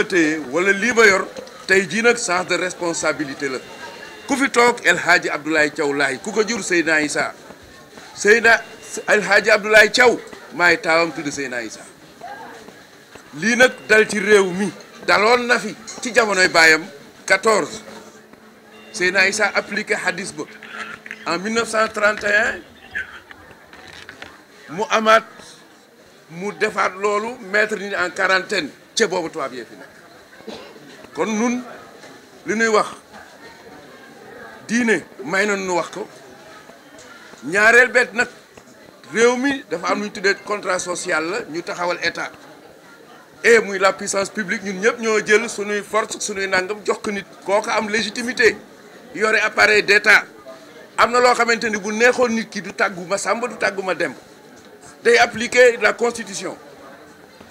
ma téye wala lii yor tey jii nag sens de responsabilité la ku fi toog El Hadji Abdoulaye Thiaw laay ku ko jur Seydina Issa Seydina El Hadji Abdoulaye Thiaw maay taawam tudd Seydina Issa lii nag dal ci réew mi daloon na fi ci jamonoy baayam 14 Seydina Issa appliqué hadis ba en mu amaat mu defaat loolu mettre nit en quarantaine ca boobu tubaab fi nekk kon nun li nuy wax diine may na nu wax ko ñaareel bet nag réew mi dafa am lu ñu tuddee contrat social la ñu taxawal état et muy la puissance publique ñun ñëpp ñoo jël suñuy force suñuy nangam jox ko nit kooka am légitimité yore appareil d'état am na loo xamante ni bu neexoon nit ki du tàggu ma sàmba du tàggu ma dem day appliquer la constitution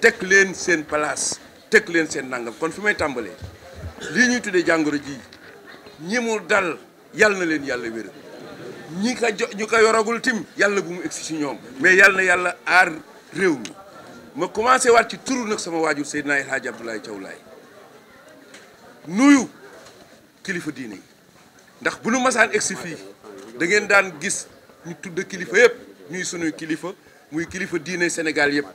tek leen seen place tek leen seen nangam kon fi may tàmbalee ñuy tuddee jàngoro ji ñi mu dal yal na leen yàlla wér ñi ka jo ñu ko yoragul tim yàlla bu mu egsi si ñoom mais yàlla na yàlla aar réew mi ma commencé waat ci turu nag sama waajur Seydina El Hadj Abdoulaye Thiaw nuyu kilifa diine yi ndax bu nu masaan egsi fii da ngeen daan gis ñu tudd kilifa yépp ñuy sunuy kilifa muy kilifa diine Sénégal yépp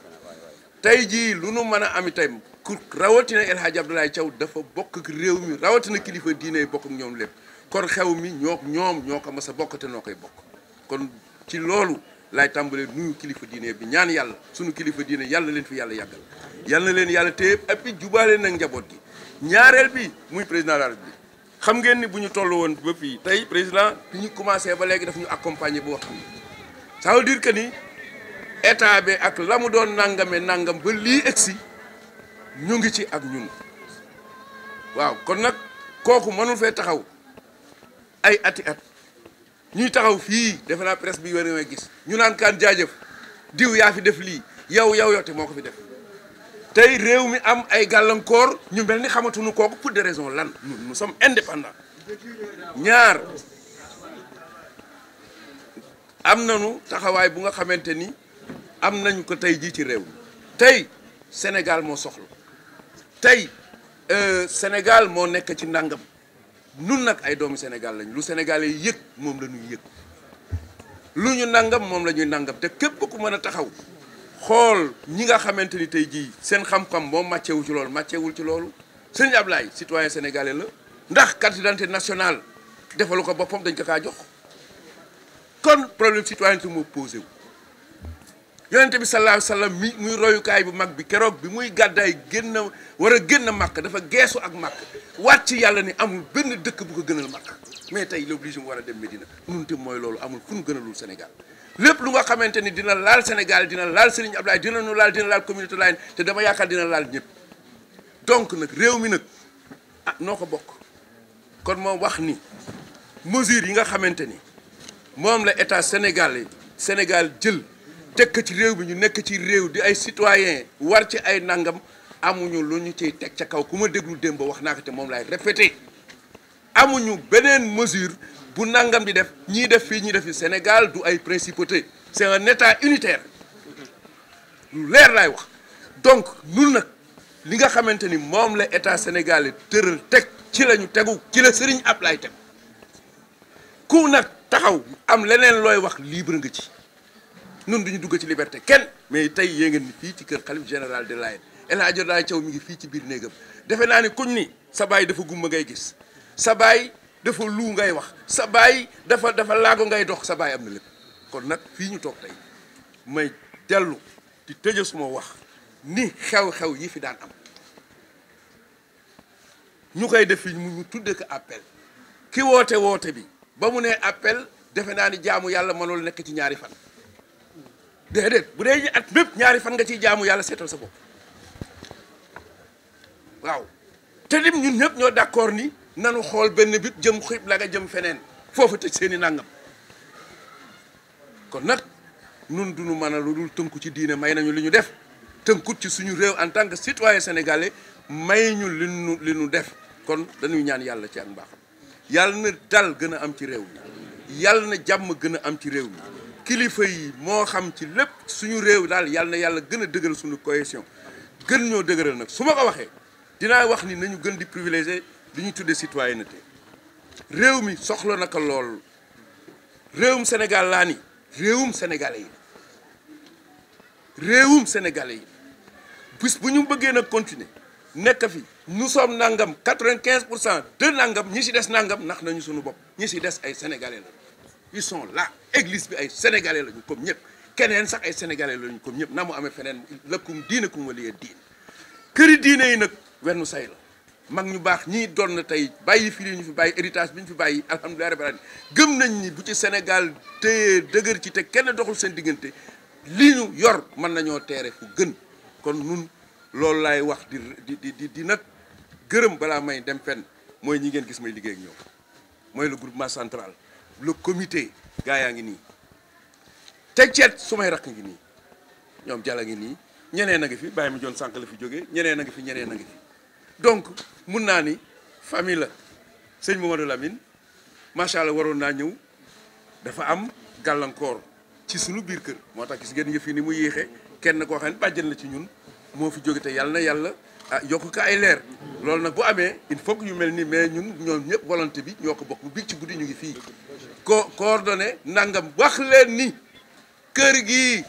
tey jii lu nu mën a am itam ku rawatina El Hadj Abdoulaye Thiaw dafa bokk ak réew mi rawatina kilifa diine yi bokk ak ñoom lépp kon xew mi ñoo ñoom ñoo ko mas a bokk te noo koy bokk kon ci loolu laay tàmbalee nuyu kilifa diine bi ñaan yàlla sunu kilifa diine yàlla leen fi yàlla yàggal yàlla leen yàlla te et puis nag njaboot gi ñaareel bi muy président de bi xam ngeen ni bu ñu toll woon ba fii tey président bi ñu commencé ba léegi daf ñu accompagner bu waxtu état bi ak lamu doon nangame nangam ba li exi ñu ngi ci ak ñun waaw kon nak koku mënul fe taxaw ay ati at ñuy taxaw fi defe naa presse bi wéré way gis ñu nan kan jaajeuf diw ya fi def li yow yow yoti moko fi def tay rew mi am ay galankor ñu melni ni xamatuñu koku pour des raisons lan ñun nous sommes indépendants ñaar am nañu taxawaay bu nga xamanteni am nañ ko tey jii ci réew mi tey Sénégal moo soxla tey euh, Sénégal moo nekk ci ndàngam nun nag ay doomu Sénégal lañ lu Sénégalais yi yëg moom la ñuy yëg lu ñu nangam moom la ñuy nangam te képp ku mën a taxaw xool ñi nga xamante ni tey jii seen xam-xam moom màcceewu ci loolu màcceewul ci loolu sëñ Ablaye citoyen sénégalais la ndax carte d'identité nationale defalu ko boppam dañ ko kaa jox kon problème citoyenneté moo posé yonente bi sallallahu alayhi wa sallam mi muy royukaay bu mag bi keroog bi muy gàddaay génn war a génn dafa geesu ak màkk wàcc yàlla ni amul benn dëkk bu ko gënal màkk mais tey l'obligé mu war a dem Medina mooy loolu amul fu nu gënalul Sénégal lépp lu nga xamante ni dina laal Sénégal dina laal Serigne Abdoulaye dina nu laal dina laal communauté layène te dama yaakaar dina laal ñëpp nag réew mi nag ah noo ko bokk kon moom wax ni mesures yi nga xamante ni moom la état Sénégal Sénégal jël teg dëkk ci réew bi ñu nekk ci réew di ay citoyen war ci ay nangam amuñu lu ñu ciy teg ca kaw ku ma déglu démb wax naa ko te moom lay répété amuñu beneen mesure bu nangam di def ñii def fii ñii def Sénégal du ay principauté c'est un état unitaire lu leer laay wax donc nun nag li nga xamante ni moom la état sénégalais tëral teg ci lañu tegu ci la Serigne Ablaye teg ku nag taxaw am leneen looy wax libre nga ci nun duñu dugg ci liberté kenn mais tey yée ngeen fii ci kër xalif général de Layène El Hadj Abdoulaye Thiaw mi ngi fii ci biir néegam defe naa ni kuñ ni sa baay dafa gumba ngay gis sa baay dafa lu ngay wax sa baay dafa dafa laago ngay dox sa baay am na lépp kon nag fii ñu toog tey may dellu di tëje suma wax ni xew-xew yi fi daan am ñu koy def fii mu tudde ko appel ki woote woote bi ba mu ne appel defe naa ni jaamu yàlla mënul nekk ci ñaari fan de bu dee at mépp ñaari fan nga ciy jaamu yàlla seetal sa bopp waaw te lim ñun ñëpp ñoo d'accord ni nanu xool benn bit jëm xib la jëm feneen foofu tëj seeni nangam kon nag nun duñu mën a lu dul tënku ci diine may nañu li ñu def tënkut ci suñu réew en tant que citoyen sénégalais may ñu li nu li ñu def kon dañuy ñaan yàlla ci ak mbaaxam yàlla na dal gën a am ci réew mi yàlla na jàmm gën a am ci réew mi kilifa yi mo xam ci lepp suñu réew dal yalla na yàlla gën a suñu cohésion gën ñoo dëgëral nak suma ko waxé dina wax ni nañu gën di privilégier li ñu tuddé citoyenneté réew mi soxla naka lool réewum Sénégal laa ni réewum sénégalais yi réewum sénégalais yi bis bu ñu bëggé nak continuer nekk fi nous sommes nangam 95% de nangam ñi ci dess nangam nak nañu suñu bop ñi ci dess ay sénégalais la ils sont là église bi ay sénégalais lañu comme ñep keneen sax ay sénégalais lañu comme ñep namu amé fenen feneen lëkkum diine ku ma lie diin këri diiné yi nak wenn say la mag ñu bax ñi doon na tey bàyyi fi ñu fi bàyyi héritage bi ñu fi bàyyi alhamdulilah rabbil alamin gëm nañ ni bu ci Sénégal téye dëgër ci té kenn doxul seen digënté li ñu yor man nañoo téré fu gën kon nun lool lay wax di di di di nak gërëm bala may dem fenn moy ñi ngeen gis may liggéey ak ñoom mooy le groupement central le comité gaa yaa ngi nii teg ceet su may rakk ngi nii ñoom jala ngi nii ñeneen a ngi fi bàyyi ma joon sànq la fi jógee ñeneen a ngi fi ñeneen a donc mun naa ni famille la sëñ Mamadou Lamine macha allah waroon naa ñëw dafa am gàllankoor ci sunu biir kër moo tax gis ngeen yëf yi ni mu yéexee kenn koo xam ne la ci ñun moo fi jóge te yàlla na yàlla ah ka ko ay leer loolu nag bu amee il faut que ñu mel ni mais ñun ñoom ñëpp volonté bi ñoo ko bokk bi ci guddi ñu ngi fii ko coordonné nangam wax leen ni kër gi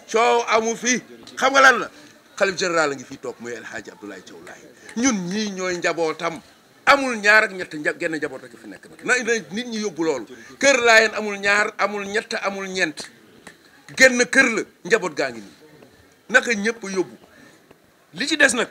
amu fi xam nga lan la xalif général a ngi fii toog muy El Hadji Abdoulaye Thiaw Laye ñun ñii ñooy njabootam amul ñaar ak ñett nja genn njaboot rek fi nekk nag na nit ñi yóbbu loolu kër laayeen amul ñaar amul ñett amul ñeent genn kër la njaboot gaa ngi naka ñëpp yóbbu li ci des nak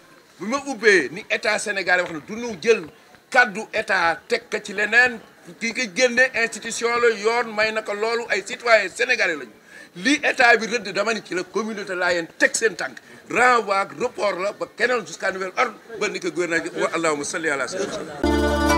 bu ma ubbee ni état sénégalais wax na du ñu jël kàddu état teg ko ci leneen ki ko génne institution la yoon may na ko loolu ay citoyen sénégalais lañu li état bi rëdd dama ni ci la communauté laayeen teg seen tànk renvoi ak report la ba keneen jusqu'à nouvel ordre ba ni ko gouvernement bi wa allahuma salli ala sayyidina